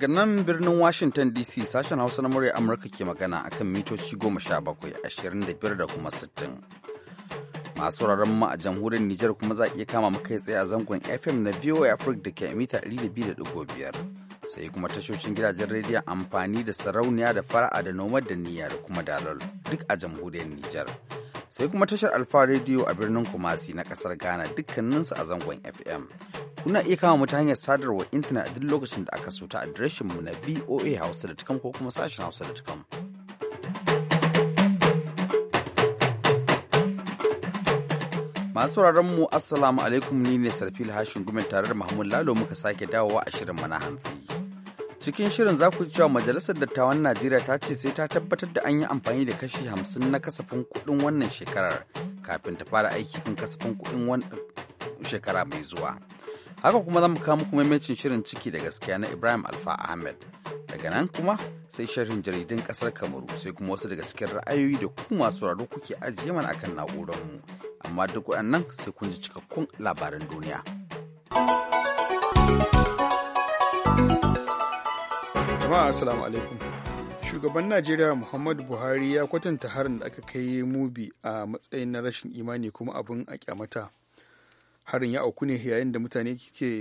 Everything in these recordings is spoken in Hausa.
Daga nan birnin Washington DC sashen Hausa na murya Amurka ke magana a kan mitoci goma sha bakwai 25 da kuma 60. Masu wuraren mu a jamhuriyar Nijar kuma za a iya kama kai tsaye a zangon FM na VOA Africa da ke mita 200.5. Sai kuma tashoshin gidajen rediyon amfani da sarauniya da fara'a da nomad da niyyar kuma dalol duk a jamhuriyar Nijar. sai kuma tashar Alfa Radio a birnin Kumasi na kasar Ghana dukkaninsu a zangon FM. Kuna iya kama mu hanyar sadarwar intanet a duk lokacin da aka so ta adireshin mu na voa voahausa.com ko kuma sashen hausa.com. Masu mu Assalamu alaikum ni ne Sarfil Hashin gumin tare da Mahmud Lalo muka sake dawowa a shirin mana hantsi. cikin shirin za ku cewa majalisar dattawan najeriya ta ce sai ta tabbatar da an yi amfani da kashi hamsin na kasafin kuɗin wannan shekarar kafin ta fara aiki kan kasafin kuɗin wannan shekara mai zuwa haka kuma zamu kawo muku maimacin shirin ciki da gaskiya na ibrahim alfa ahmed daga nan kuma sai shirin jaridun kasar kamaru sai kuma wasu daga cikin ra'ayoyi da ku masu raro kuke ajiye mana akan na'urar amma duk waɗannan sai kun ji cikakkun labaran duniya. jama'a assalamu alaikum shugaban najeriya muhammadu buhari ya kwatanta harin da aka kai mubi a matsayin na rashin imani kuma abin a kyamata harin ya auku ne yayin da mutane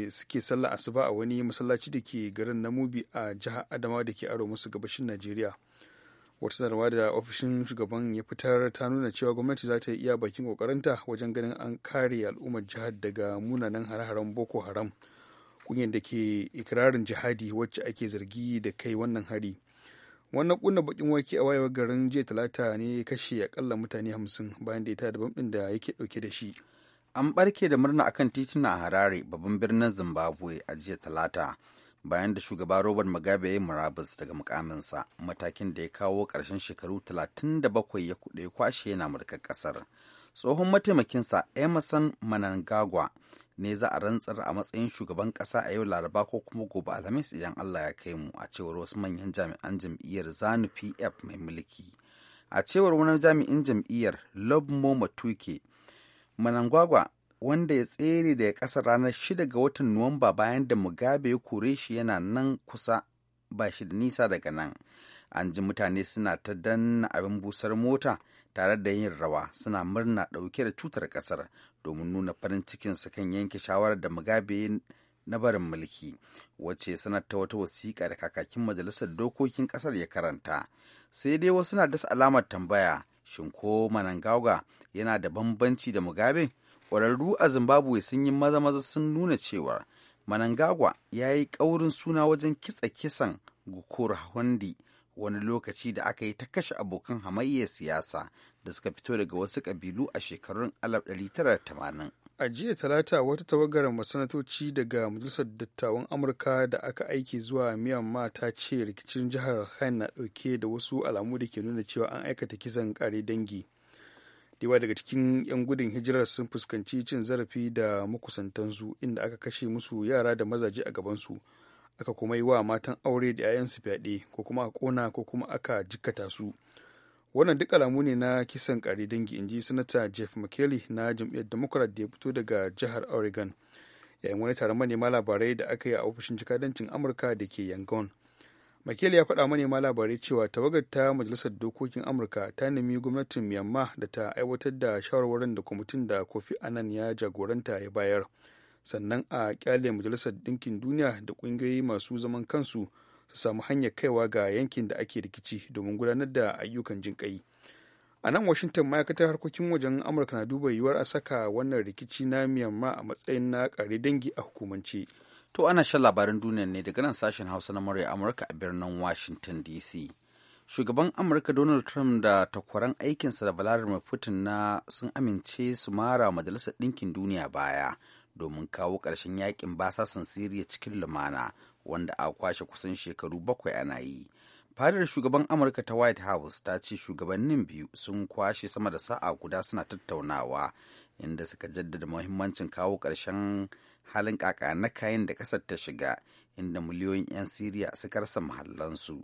suke sallah asuba a wani masallaci da ke garin na mubi a jihar adamawa da ke aro musu gabashin najeriya wata sanarwa da ofishin shugaban ya fitar ta nuna cewa gwamnati za ta yi iya bakin kokarinta wajen ganin an kare al'ummar jihar daga munanan hare-haren boko haram. kunyar da ke ikirarin jihadi wacce ake zargi da kai wannan hari wannan kunna bakin wake a wayewar garin jiya talata ne kashe akalla mutane hamsin bayan da ya tada bambin da yake dauke da shi an barke da murna akan tituna a harare babban birnin zimbabwe a jiya talata bayan da shugaba robert mugabe ya yi murabus daga mukaminsa matakin da ya kawo karshen shekaru talatin da bakwai ya kuɗe kwashe yana murkar kasar tsohon mataimakinsa emerson manangagwa ne za a rantsar a matsayin shugaban kasa a yau laraba ko kuma gobe alhamis idan allah ya kai mu a cewar wasu manyan jami'an jam'iyyar zanu pf mai mulki a cewar wani jami'in jam'iyyar lobmo matuke manangwagwa wanda ya tsere da ya kasa ranar 6 ga watan nuwamba bayan da mugabe ya kore shi yana nan kusa ba shi da nisa daga nan an ji mutane suna ta danna abin busar mota tare da yin rawa suna murna dauke da cutar kasar. domin nuna farin su kan yanke shawarar da mugabe na barin mulki wacce sanar ta wata wasiƙa da kakakin majalisar dokokin ƙasar ya karanta sai dai wasu na dasa alamar tambaya shin ko manangauga yana da bambanci da mugabe ƙwararru a zimbabwe sun yi maza-maza sun nuna cewa manangagwa ya yi ƙaurin suna wajen kitsa kisan gukur hondi wani lokaci da aka yi ta kashe abokan hamayyar siyasa da suka fito daga wasu ƙabilu a shekarun 1980. A jiya talata wata tawagar masanatoci daga Majalisar Dattawan Amurka da aka aiki zuwa Myanmar ta ce rikicin jihar Rakhine na ɗauke da wasu alamu da ke nuna cewa an aikata kisan kare dangi. Dewa daga cikin 'yan gudun hijirar sun fuskanci cin zarafi da makusantansu inda aka kashe musu yara da mazaje a gabansu. Aka kuma yi wa matan aure da 'ya'yansu fyaɗe ko kuma a ƙona ko kuma aka jikkata su. wannan duk alamu ne na kisan kare dangi inji sanata jeff mckelly na jam'iyyar democrat da ya fito daga jihar oregon yayin wani taron manema labarai da aka yi a ofishin jikadancin amurka da ke yangon mckelly ya faɗa manema labarai cewa tawagar ta majalisar dokokin amurka ta nemi gwamnatin myanmar da ta aiwatar da shawarwarin da kwamitin da kofi anan ya jagoranta ya bayar sannan a kyale majalisar ɗinkin duniya da ƙungiyoyi masu zaman kansu su samu hanyar kaiwa ga yankin da ake rikici domin gudanar da ayyukan jinƙai a nan washington ma'aikatar harkokin wajen amurka na duba yiwuwar a saka wannan rikici na myanmar a matsayin na kare dangi a hukumance to ana shan labarin duniya ne daga nan sashen hausa na murya amurka a birnin washington dc shugaban amurka donald trump da takwaran aikinsa da vladimir putin na sun amince su mara majalisar ɗinkin duniya baya domin kawo ƙarshen yakin basasan siriya cikin lumana wanda a kwashe kusan shekaru bakwai ana yi fadar shugaban amurka ta white house ta ce shugabannin biyu sun kwashe sama da sa'a guda suna tattaunawa inda suka jaddada muhimmancin kawo ƙarshen halin kaka na kayan da ƙasar ta shiga inda miliyoyin 'yan siriya suka rasa mahallansu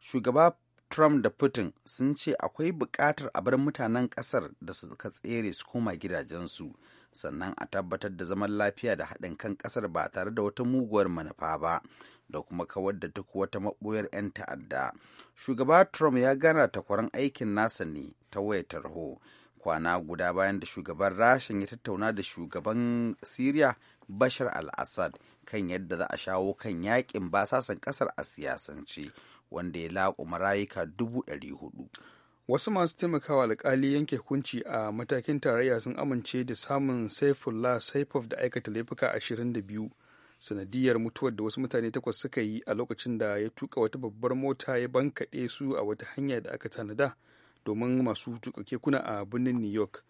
shugaba trump da putin sun ce akwai buƙatar a bar mutanen ƙasar da suka tsere su koma gidajensu sannan a tabbatar da zaman lafiya da haɗin kan ƙasar ba tare da wata muguwar manufa ba da kuma kawar da duk wata maɓoyar 'yan ta'adda shugaba trump ya gana takwaran aikin nasa ne ta wayar tarho kwana guda bayan da shugaban rashin ya tattauna da shugaban syria bashar al-assad kan yadda za a shawo kan yakin basasan ƙasar a siyasance wanda ya laƙuma rayuka dubu ɗari hudu wasu masu taimakawa alkali yanke hukunci a matakin tarayya sun amince da samun saifullah saifov da aikata laifuka 22 sanadiyar mutuwar da wasu mutane takwas suka yi a lokacin da ya tuka wata babbar mota ya bankaɗe su a wata hanya da aka tanada domin masu tuka kekuna a birnin new york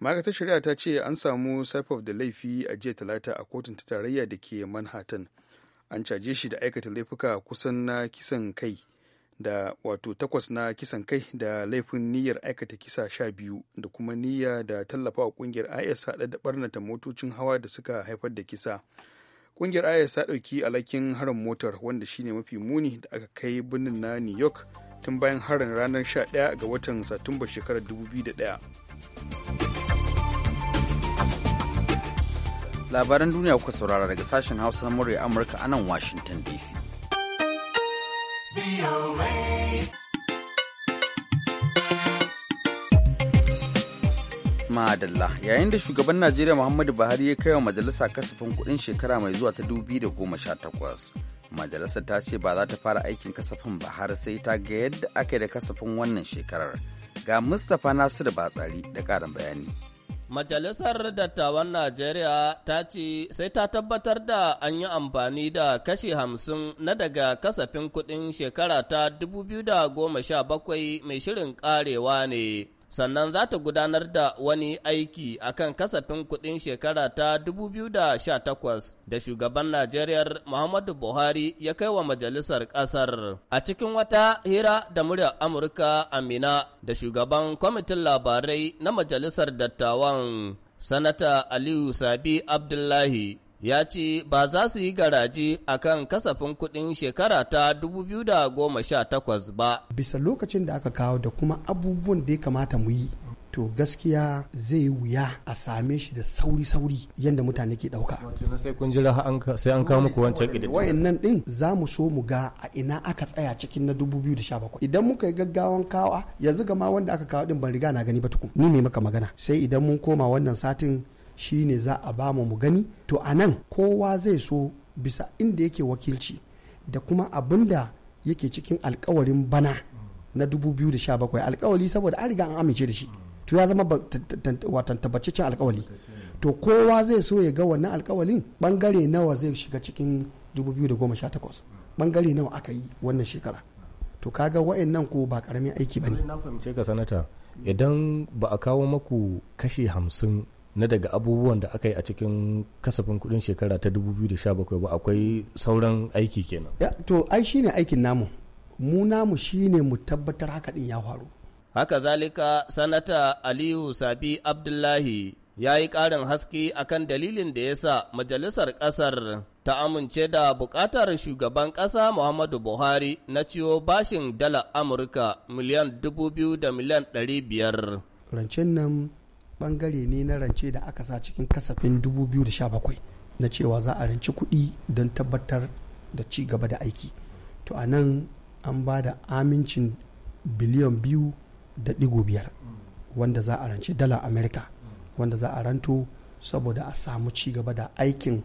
ma'aikatar shari'a ta ce an samu saifov da laifi a jiya talata a kotun ta tarayya da ke manhattan an caje shi da aikata laifuka kusan na kisan kai da wato takwas na kisan kai da laifin niyyar aikata kisa sha biyu da kuma niyya da tallafa tallafawa kungiyar is haɗa da barnata motocin hawa da suka haifar da kisa kungiyar is ta ɗauki alhakin harin motar wanda shine mafi muni da aka kai birnin na new york tun bayan harin ranar 11 ga watan satumba shekarar 2001 labaran duniya kuka saurara daga sashen hausa na murya amurka a nan washington dc Madalla yayin da shugaban Najeriya Muhammadu Buhari ya kai wa majalisa kasafin kuɗin shekara mai zuwa ta goma 2018. Majalisar ta ce ba za ta fara aikin kasafin ba har sai ta ga yadda aka yi da kasafin wannan shekarar. Ga Mustapha Nasiru Batsari da ƙarin bayani. Majalisar Dattawan Najeriya ta ce sai ta tabbatar da an yi amfani da kashi hamsin na daga kasafin kuɗin shekara ta 2017 mai shirin ƙarewa ne sannan za ta gudanar da wani aiki a kan kasafin kuɗin shekara ta 2018 da shugaban Najeriya Muhammadu Buhari ya kai wa majalisar ƙasar. A cikin wata hira da muryar Amurka Amina da shugaban kwamitin labarai na majalisar dattawan Sanata Aliyu Sabi Abdullahi ya ce ba za su yi garaji a kan kasafin kuɗin shekara ta 2018 ba. Bisa lokacin da aka kawo da kuma abubuwan da ya kamata mu yi, to gaskiya zai wuya a same shi da sauri-sauri yadda mutane ke ɗauka. sai kun jira sai an kawo muku wancan Wayan nan ɗin za mu so mu ga a ina aka tsaya cikin na 2017. Idan muka yi gaggawan kawa yanzu gama wanda aka kawo ɗin ban riga na gani ba tukun. Ni mai maka magana. Sai idan mun koma wannan satin shi ne za a ba mu gani to a nan kowa zai so bisa inda yake wakilci da kuma abin da yake cikin alkawarin bana na 2017 alkawari saboda an riga an amince da shi to ya zama watan tabbacicen alkawari to kowa zai so ya ga wannan alkawarin bangare nawa zai shiga cikin 2018 bangare nawa aka yi wannan shekara to kaga nan ko ba karamin aiki ba ne na fahimce ka sanata idan ba a kawo maku kashi hamsin na daga abubuwan da aka yi a cikin kasafin kudin shekara ta 2017 ba akwai sauran aiki kenan ya to ai shine aikin namu mu namu shine mu tabbatar haka din ya faru haka zalika sanata aliyu sabi abdullahi ya yi ƙarin haske akan dalilin da ya sa majalisar ƙasar ta amince da buƙatar shugaban ƙasa Muhammadu Buhari na ciwo bashin dala Amurka miliyan dubu biyu da miliyan ɗari biyar. bangare ne na rance da aka sa cikin kasafin 2017 na cewa za a rance kuɗi don tabbatar da ci gaba da aiki to a nan an ba da amincin biliyan biyu da ɗigo biyar wanda za a rance dala amerika wanda za a ranto saboda a samu ci gaba da aikin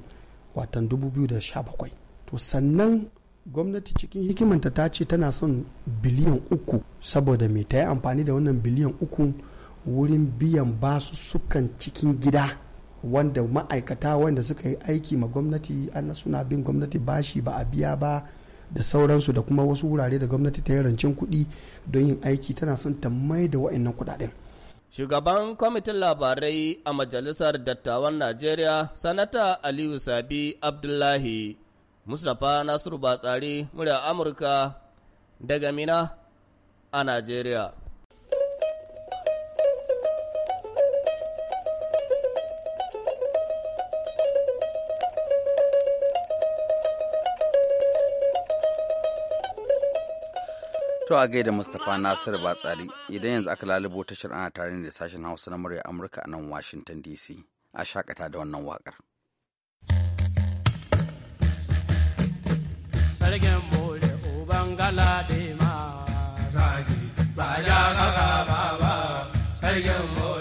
watan 2017 to sannan gwamnati cikin hikimanta ta ce tana son biliyan uku saboda mai ta yi amfani da wannan biliyan uku wurin biyan basu sukan cikin gida wanda ma'aikata wanda suka yi aiki ma gwamnati ana suna bin gwamnati bashi ba a biya ba da sauransu da kuma wasu wurare da gwamnati ta yi rancen kuɗi don yin aiki tana son ta mai da wa'annan kuɗaɗen. Shugaban kwamitin labarai a Majalisar Dattawan Najeriya, Sanata Aliyu Sabi Abdullahi, Mustapha Nasiru Batsari, murya Amurka, daga Mina a Najeriya. To a gaida Mustapha Nasiru Batsari idan yanzu aka lalubo tashar ana tare da sashen Hausa na murya Amurka a nan Washington DC a shakata da wannan wakar. Sarkin bude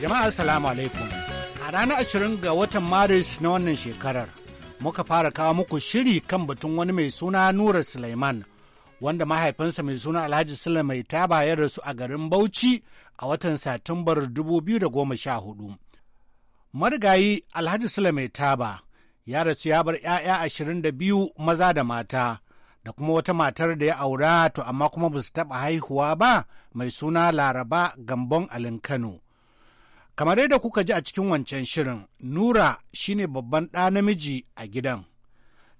Jama'a Assalamu alaikum. A ranar ashirin ga watan Maris na wannan shekarar, muka fara kawo muku shiri kan batun wani mai suna Nura Sulaiman, wanda mahaifinsa mai suna Alhaji Sulaiman mai bayar ya rasu a garin Bauchi a watan Satumbar 2014. Marigayi Alhaji Sulaiman taba ya rasu ya bar 'ya'ya ashirin da biyu maza da mata. da kuma wata matar da ya aura to amma kuma ba su taɓa haihuwa ba mai suna laraba gambon Alinkano. kano Kamar yadda kuka ji a cikin wancan shirin, Nura shine babban ɗa namiji a gidan.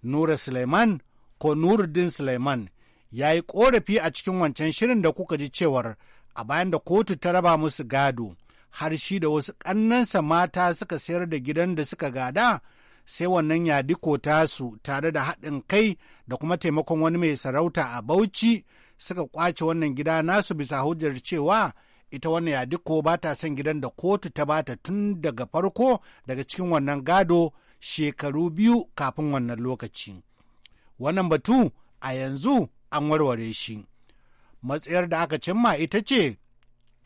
Nura Suleiman ko Nuruddin Suleiman ya yi ƙorafi a cikin wancan shirin da kuka ji cewar a bayan da kotu ta raba musu gado, har shi da wasu ƙannansa mata suka sayar da gidan da suka gada. sai wannan yadiko tasu tare da haɗin kai da kuma taimakon wani mai sarauta a Bauchi suka kwace wannan gida nasu bisa hujjar cewa ita wannan yadiko ba ta son gidan da kotu ta bata tun daga farko daga cikin wannan gado shekaru biyu kafin wannan lokaci wannan batu a yanzu an warware shi matsayar da aka cimma ita ce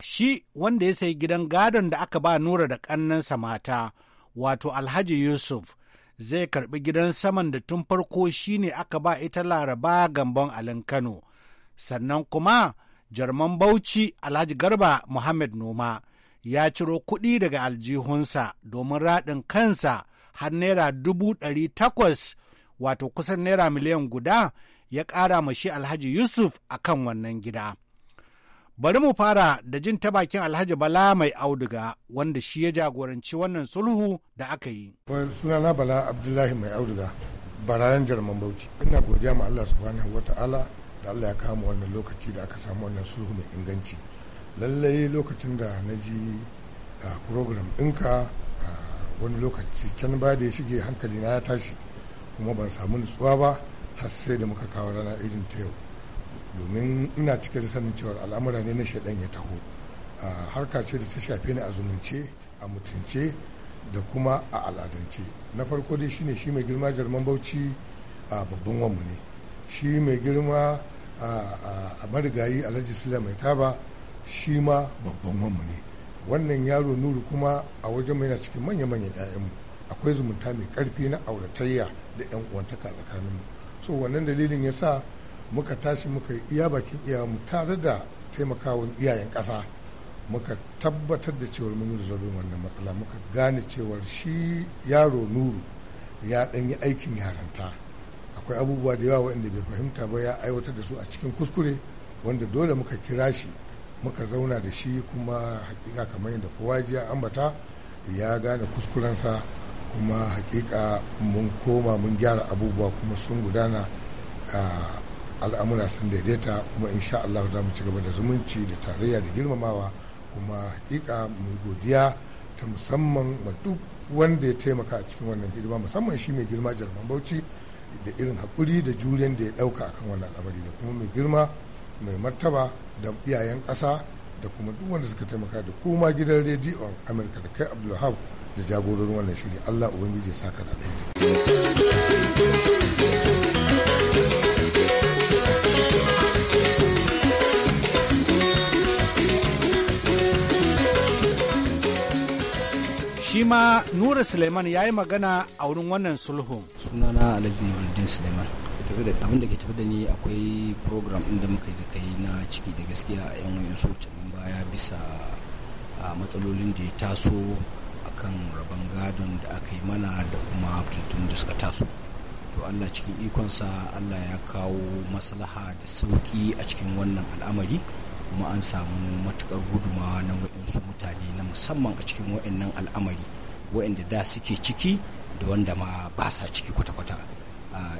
shi wanda ya sayi gidan gadon da aka ba nura da ƙannansa mata wato alhaji yusuf zai karbi gidan saman da tun farko shi ne aka ba ita laraba gambon alin kano sannan kuma jarman bauchi alhaji garba muhammad noma ya ciro kuɗi daga aljihunsa domin raɗin kansa har naira dubu ɗari takwas wato kusan naira miliyan guda ya ƙara ma shi alhaji yusuf a kan wannan gida bari mu fara da jin ta bakin alhaji bala mai auduga wanda shi ya jagoranci wannan sulhu da aka yi sunana bala abdullahi mai auduga barayan jarman bauchi ina godiya ma allah subhanahu wa ta'ala da allah ya kama wannan lokaci da aka samu wannan sulhu mai inganci lallai lokacin da na ji a program ɗinka wani lokaci can ba da ya shige hankali na ya tashi kuma ban samu nutsuwa ba har sai da muka kawo rana irin ta yau domin ina cike da sanin cewar al'amura ne na shaidan ya taho harka ce da ta shafe ni a zumunce a mutunce da kuma a al'adance na farko dai shine shi mai girma jarman bauchi a babban wanmu ne shi mai girma a marigayi a lajisila mai taba shi ma babban wanmu ne wannan yaro nuru kuma a wajen mai na cikin manya-manyan 'ya'yanmu akwai zumunta mai karfi na auratayya da 'yan uwantaka mu so wannan dalilin ya sa muka tashi muka yi iya bakin mu tare da taimakawan iyayen ƙasa muka tabbatar da cewar mun rizolin wannan matsala muka gane cewar shi yaro nuru ya ɗan yi aikin yaranta akwai abubuwa da yawa waɗanda bai fahimta ba ya aiwatar da su a cikin kuskure wanda dole muka kira shi muka zauna da shi kuma hakika kamar yadda kowa jiya ambata ya gane kuskurensa kuma hakika mun koma mun gyara abubuwa kuma sun gudana al'amura sun daidaita kuma insha Allah za mu ci gaba da zumunci da tarayya da girmamawa kuma hakika mu godiya ta musamman ma duk wanda ya taimaka a cikin wannan hidima musamman shi mai girma jarman bauchi da irin haƙuri da juriyan da ya ɗauka kan wannan al'amari da kuma mai girma mai martaba da iyayen ƙasa da kuma duk wanda suka taimaka da kuma gidan rediyon amurka da kai abdulhab da jagororin wannan shiri allah ubangiji ya saka da alheri ma nura suleiman ya yi magana a wurin wannan sulhun sunana alhaji nuruddin suleiman abin da ke tafi da ni akwai program inda muka yi da kai na ciki da gaskiya a yan wayan socanin baya bisa a matsalolin da ya taso akan rabon gadon da aka yi mana da kuma tuntun da suka taso to allah cikin ikonsa allah ya kawo maslaha da sauki a cikin wannan al'amari kuma an samu matukar gudumawa na waɗansu mutane na musamman a cikin waɗannan al'amari waɗanda da suke ciki da wanda ma ba sa ciki kwata-kwata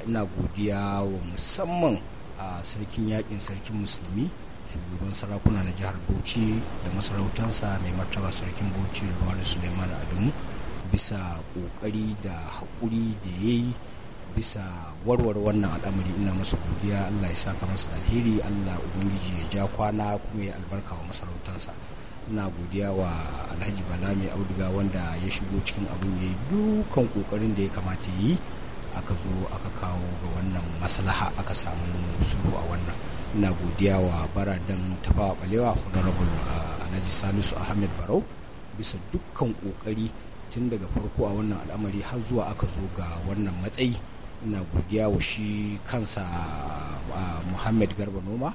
ina godiya wa musamman a sarkin yakin sarkin musulmi shugaban sarakuna na jihar bauchi da masarautarsa mai martaba sarkin bauchi ruwan suleiman adamu bisa kokari da haƙuri da ya yi bisa warware wannan al'amari ina masu godiya Allah ya saka musu alheri Allah ubangiji ya ja kwana kuma ya albarka wa masarautarsa ina godiya wa Alhaji Bala mai auduga wanda ya shigo cikin abin ya yi dukan kokarin da ya kamata yi aka zo aka kawo ga wannan maslaha aka samu suru a wannan ina godiya wa tafa tafawa balewa honorable ah, Alhaji Salisu Ahmed Barau bisa dukkan kokari tun daga farko a wannan al'amari har zuwa aka zo ga wannan matsayi ina godiya wa shi kansa muhammad garba noma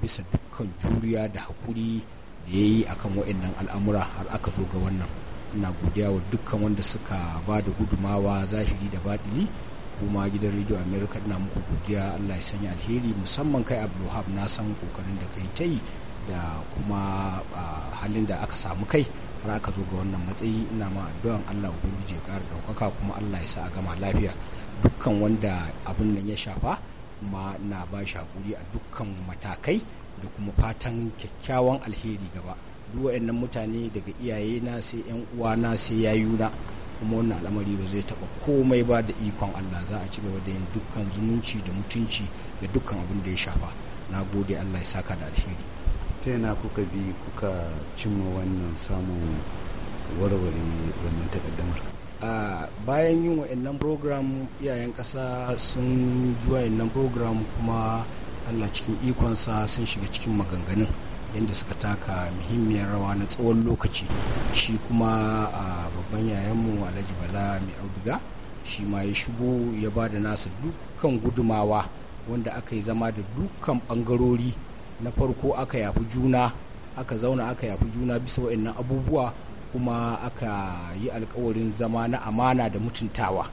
bisa dukkan juriya da hakuri da ya yi akan wa'annan al'amura har aka zo ga wannan ina godiya wa dukkan wanda suka ba da gudumawa zahiri da baɗini kuma gidan rediyo america ina muku godiya allah ya sanya alheri musamman kai abdulhab na san kokarin da kai ta yi da kuma halin da aka samu kai har aka zo ga wannan matsayi ina ma addu'an allah ubangiji ya ƙara ɗaukaka kuma allah ya sa a gama lafiya dukkan wanda abun nan ya shafa ma na ba shi hakuri a dukkan matakai da kuma fatan kyakkyawan alheri gaba duk waɗannan mutane daga iyaye na sai yan uwa na sai na kuma wannan al'amari ba zai taba komai ba da ikon Allah za a ci gaba da yin dukkan zumunci da mutunci ga dukkan abin da ya shafa na gode Allah ya saka da alheri ta yana kuka bi kuka cimma wannan samun warware wannan takaddamar bayan yin wa'annan program iyayen ƙasa sun ji wa'annan program kuma allah cikin ikonsa sun shiga cikin maganganun yadda suka taka muhimmiyar rawa na tsawon lokaci shi kuma a babban yayanmu alhaji bala mai auduga shi ma ya shigo ya ba da nasa dukkan gudumawa wanda aka yi zama da dukkan bangarori na farko aka yafi juna aka zauna aka yafi juna bisa wa'annan abubuwa kuma aka yi alkawarin zama na amana da mutuntawa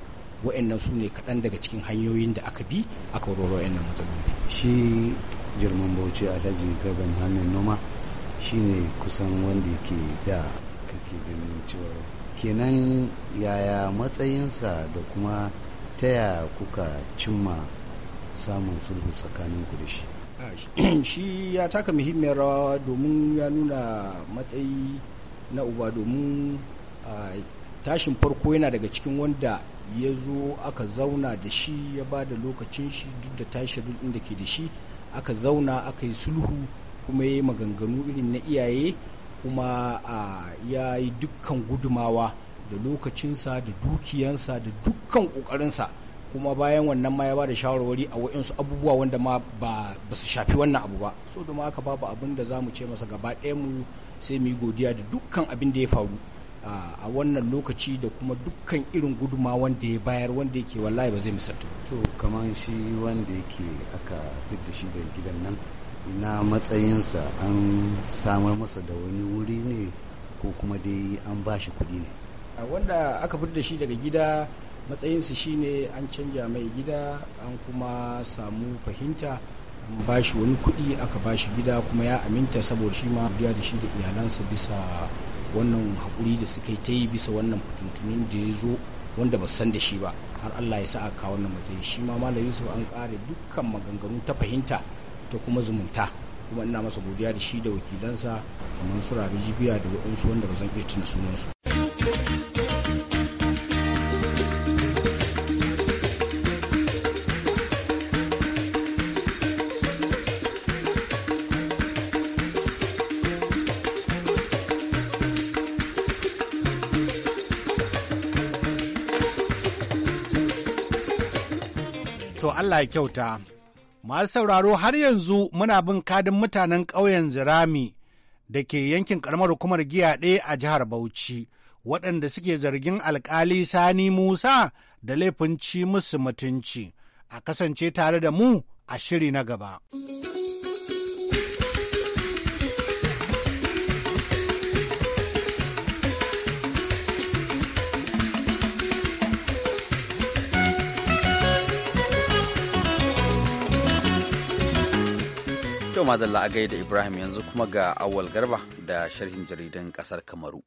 wa'annan su ne kaɗan daga cikin hanyoyin da aka bi aka warware wa'annan matsaloli shi jirman bauchi alhaji garban hannun noma shine kusan wanda ke da kake ganin cewa kenan yaya matsayinsa da kuma ta yaya kuka cimma samun sulhu tsakaninku da shi shi ya taka muhimmiyar rawa domin ya nuna matsayi na uba domin tashin farko yana daga cikin wanda ya zo aka zauna da shi ya ba da lokacin shi duk da tashi duk da ke da shi aka zauna aka yi sulhu kuma ya yi maganganu irin na iyaye kuma ya yi dukkan gudumawa da lokacinsa da dukiyansa da dukkan ƙoƙarinsa kuma bayan wannan ma ya ba da shawarwari a wa'insu abubuwa wanda ma ba su shafi wannan abu ba so da ma aka babu abin da za mu ce masa gaba ɗaya mu sai mu yi godiya da dukkan abin da ya faru a wannan lokaci da kuma dukkan irin guduma wanda ya bayar wanda yake wallahi ba zai misaltu to kamar shi wanda yake aka da shi da gidan nan ina matsayinsa an samar masa da wani wuri ne ko kuma dai an ba shi kuɗi ne a wanda aka da shi daga gida matsayinsa shine an canja mai gida an kuma samu fahimta ba shi wani kuɗi aka ba shi gida kuma ya aminta saboda shi ma biya da shi da iyalansa bisa wannan haƙuri da suka yi ta yi bisa wannan fitintunin da ya zo wanda ba san da shi ba har Allah ya sa a kawo wannan matsayi shi ma malam Yusuf an ƙare dukkan maganganu ta fahimta ta kuma zumunta kuma ina masa godiya da shi da wakilansa kamar su Rabi Jibiya da waɗansu wanda ba zan iya tuna sunansu Allah ya kyauta. Masu sauraro har yanzu muna bin kadin mutanen ƙauyen Zirami da ke yankin ƙaramar hukumar giya ɗaya a jihar Bauchi, waɗanda suke zargin alƙali Sani Musa da laifin ci musu mutunci. A kasance tare da mu a shiri na gaba. madalla a gaida Ibrahim yanzu kuma ga awal garba da sharhin jaridan kasar Kamaru.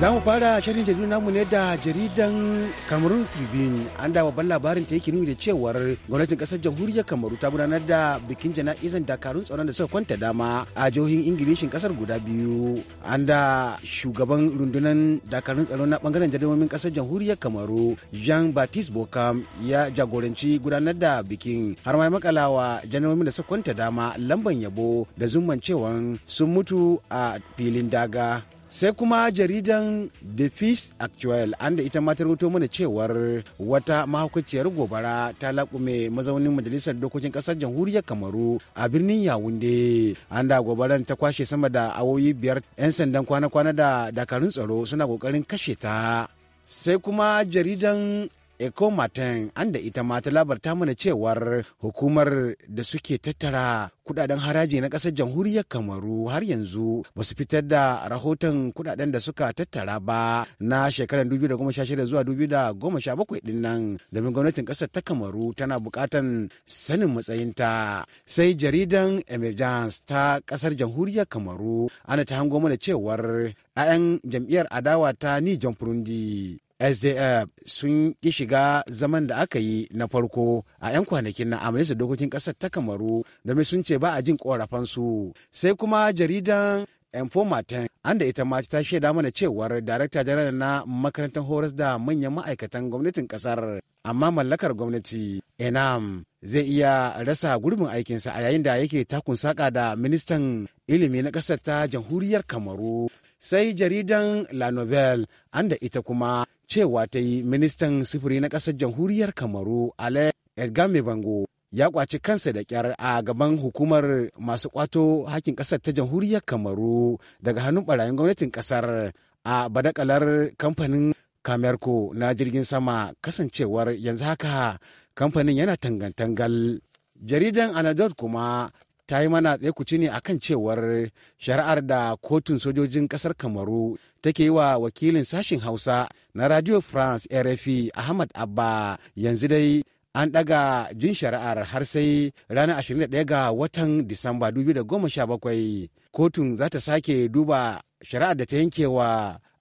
Za mu fara shirin jaridu namu ne da jaridan Cameroon Tribune an da babban labarin ta yake nuni da cewar gwamnatin kasar jamhuriyar Kamaru ta gudanar da bikin jana'izan dakarun tsaron da suka kwanta dama a jihohin Ingilishin kasar guda biyu an da shugaban rundunar dakarun tsaron na bangaren jarumomin kasar jamhuriyar Kamaru Jean Baptiste Bokam ya jagoranci gudanar da bikin har ma wa jarumomin da suka kwanta dama lamban yabo da zumman cewa sun mutu a filin daga sai kuma jaridan the peace actual an da ita matar mana cewar wata mahaukaciyar gobara ta laƙume mazaunin majalisar dokokin ƙasar jamhuriyar kamaru a birnin yawunde an da gobaran ta kwashe sama da awoyi biyar 'yan sandan kwana-kwana da dakarun tsaro suna ƙoƙarin kashe ta sai kuma jaridan Eco Martin an da ita ma ta labarta mana cewar hukumar da suke tattara kudaden haraji na ƙasar jamhuriyar Kamaru har yanzu ba su fitar da rahoton kudaden da suka tattara ba na shekarar 2016 zuwa 2017 din nan domin gwamnatin ƙasar ta Kamaru tana buƙatan sanin matsayinta. Sai jaridan Emergence ta ƙasar jamhuriyar Kamaru ana ta hango mana cewar 'ya'yan jam'iyyar adawa ta ni jamfurundi sdf eh, sun ƙi shiga zaman da aka yi na farko a 'yan kwanakin na a dokokin ƙasar ta kamaru domin sun ce ba a jin ƙorafansu sai kuma jaridan Informatin an da ita ma ta shaida mana cewar darakta janar na makarantar horas da manyan ma'aikatan gwamnatin kasar amma mallakar gwamnati enam zai iya rasa gurbin aikinsa a yayin da yake takun saka da ministan ilimi na ƙasar ta jamhuriyar kamaru sai jaridan la nouvelle an da ita kuma cewa ta yi ministan sufuri na ƙasar jamhuriyar kamaru ale edgame bango ya kwaci kansa da kyar a gaban hukumar masu ƙwato hakin ƙasar ta jamhuriyar kamaru daga hannun barayin gwamnatin ƙasar a badakalar kamfanin kamerko na jirgin sama kasancewar yanzu haka kamfanin yana tangantangal jaridan anadot kuma ta yi mana tsaikuci ne akan cewar shari'ar da kotun sojojin kasar kamaru take yi wa wakilin sashen hausa na radio france rfi ahmad abba yanzu dai an ɗaga jin shari'ar har sai ranar 21 ga watan disamba 2017 kotun za ta sake duba shari'ar da ta yanke wa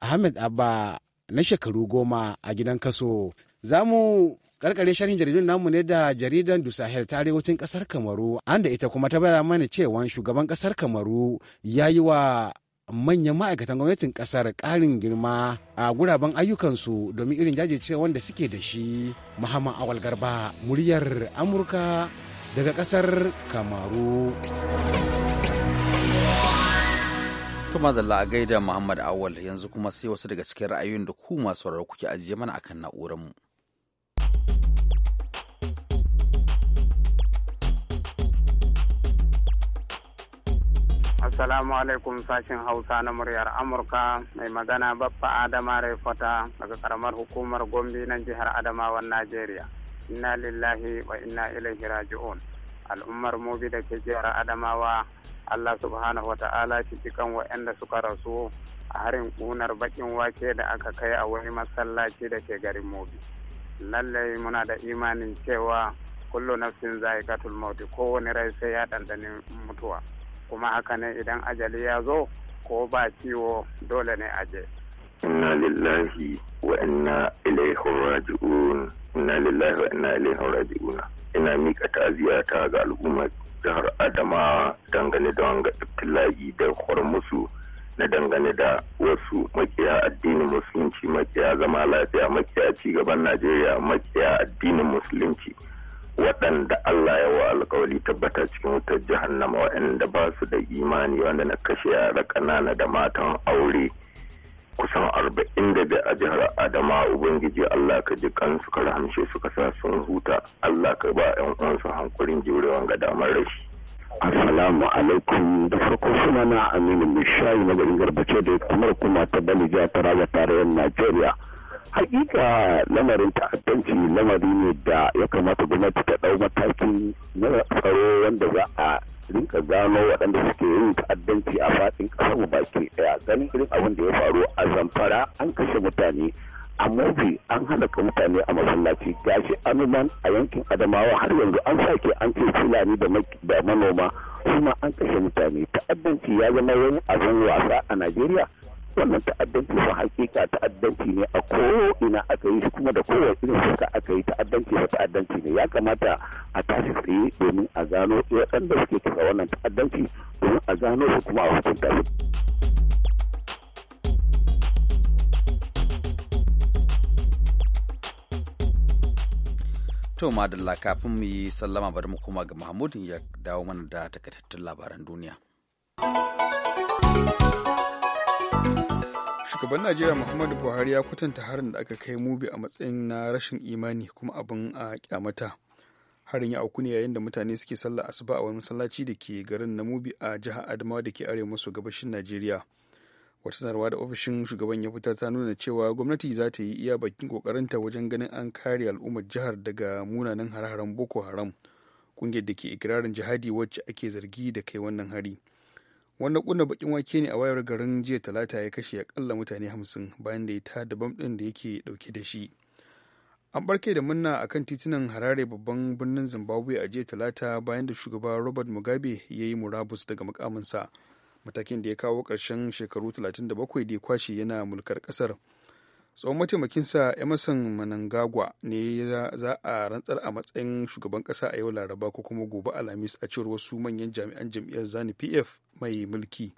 ahmad abba na shekaru goma a gidan kaso za karkare sharhin jaridun namu ne da jaridan du sahel ta arewacin kasar kamaru an da ita kuma ta bada mana cewa shugaban kasar kamaru ya yi wa manyan ma'aikatan gwamnatin kasar karin girma a guraben ayyukansu domin irin jajirce wanda suke da shi muhammad awal garba muryar amurka daga kasar kamaru Tuma da la'agai da Muhammad Awal yanzu kuma sai wasu daga cikin ra'ayoyin da ku masu kuke ajiye mana akan na'urar mu. Assalamu alaikum sashen Hausa na muryar Amurka mai magana Baffa Adama Raifata daga karamar hukumar Gombe na jihar Adamawan Najeriya. Inna lillahi wa inna ilaihi raji'un. Al'ummar Mobi da ke jihar Adamawa Allah subhanahu wa ta'ala ciki kan waɗanda suka rasu a harin kunar bakin wake da aka kai a wani masallaci da ke garin Mobi. Lallai muna da imanin cewa kullu nafsin za'iqatul tulmauti kowane rai sai ya ɗanɗani mutuwa. kuma haka ne idan ajali ya zo ko ba ciwo dole ne aje. Inna lillahi wa inna ilaihi raji'un. Inna lillahi wa inna ilaihi raji'un. Ina mika ta ga al'ummar jihar adama dangane da wanga ibtila'i da musu na dangane da wasu makiya addinin musulunci makiya zama lafiya makiya cigaban Najeriya makiya addinin musulunci. waɗanda Allah ya wa alkawari tabbata cikin wutar jahannama waɗanda ba su da imani wanda na kashe yara ƙanana da matan aure kusan arba'in da a jihar Adama Ubangiji Allah ka ji kansu ka rahamshe su ka sa sun huta Allah ka ba 'yan uwansu hankulin jurewan ga damar rashi. Assalamu alaikum da farko suna na Aminu Mishayi na garin Garbace da kamar kuma ta Balija ta raga tarayyar Najeriya. hakika lamarin ta'addanci lamari ne da ya kamata gwamnati ta ɗau mataki na tsaro wanda za a rinka gano waɗanda suke yin ta'addanci a faɗin mu baki ɗaya ganin irin abin da ya faru a zamfara an kashe mutane a mobi an halaka mutane a masallaci gashi anuman a yankin adamawa har yanzu an sake an ce fulani da manoma kuma an kashe mutane ta'addanci ya zama wani abin wasa a najeriya wannan ta'addanci su hakika ta'addanci ne a ko ina aka yi kuma da kowa irin suka aka yi ta'addanci ba ta'addanci ne ya kamata a tashi tsaye domin a gano waɗanda suke kisa wannan ta'addanci domin a gano su kuma a hukunta su. To madalla kafin mu yi sallama bari mu koma ga Mahmud ya dawo mana da takaitattun labaran duniya. shugaban najeriya muhammadu buhari ya kwatanta harin da aka kai mubi a matsayin na rashin imani kuma abin a kyamata harin ya auku ne yayin da mutane suke sallah asuba a wani masallaci da ke garin na mubi a jihar adamawa da ke arewa maso gabashin najeriya wata sanarwa da ofishin shugaban ya fita ta nuna cewa gwamnati za ta yi iya bakin kokarinta wajen ganin an kare al'ummar jihar daga munanan hare-haren boko haram kungiyar da ke ikirarin jihadi wacce ake zargi da kai wannan hari wanda kuna bakin wake ne a wayar garin jiya talata ya kashe akalla mutane hamsin bayan da ya da bam din da yake dauke da shi an barke da munna a kan titunan harare babban birnin zimbabwe a jiya talata bayan da shugaba robert mugabe ya yi murabus daga mukaminsa matakin da ya kawo ƙarshen shekaru 37 da ya kwashe yana mulkar ƙasar. kasar tsohon mataimakinsa emerson manangagwa ne za a rantsar a matsayin shugaban kasa a yau laraba ko kuma gobe alhamis a cewar wasu manyan jami'an jam'iyyar zani pf mai mulki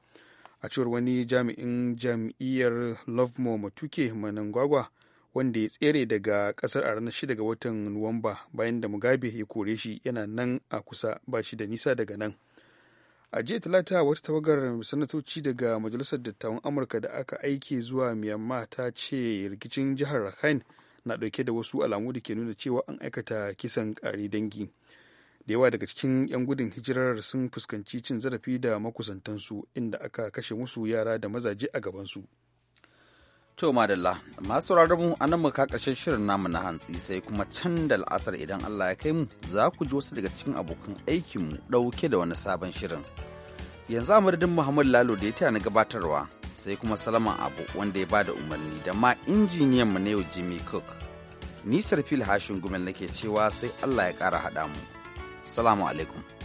a cewar wani jami'in jam'iyyar lovemore matuke manangagwa wanda ya tsere daga kasar a ranar 6 ga watan nuwamba bayan da mugabe ya kore shi yana nan a kusa ba shi da nisa daga nan a jiya talata wata tawagar sanatoci daga majalisar dattawan amurka da aka aike zuwa myanmar ta ce rikicin jihar rakhine na dauke da wasu alamu da ke nuna cewa an aikata kisan kari dangi da yawa daga cikin 'yan gudun hijirar sun fuskanci cin zarafi da makusantansu inda aka kashe musu yara da mazaje a gabansu. To madalla, masu mu a mu ka karshen shirin namu na hantsi sai kuma can da la'asar idan Allah ya kai mu za ku ji wasu daga cikin abokan aikin mu ɗauke da wani sabon shirin. Yanzu amadadin Muhammad Lalo da ya taya na gabatarwa sai kuma Salama Abu wanda ya bada umarni da ma injiniyan mu na yau Jimmy Cook. ni sarfil hashin gumel nake cewa sai Allah ya kara haɗa mu. Salamu alaikum.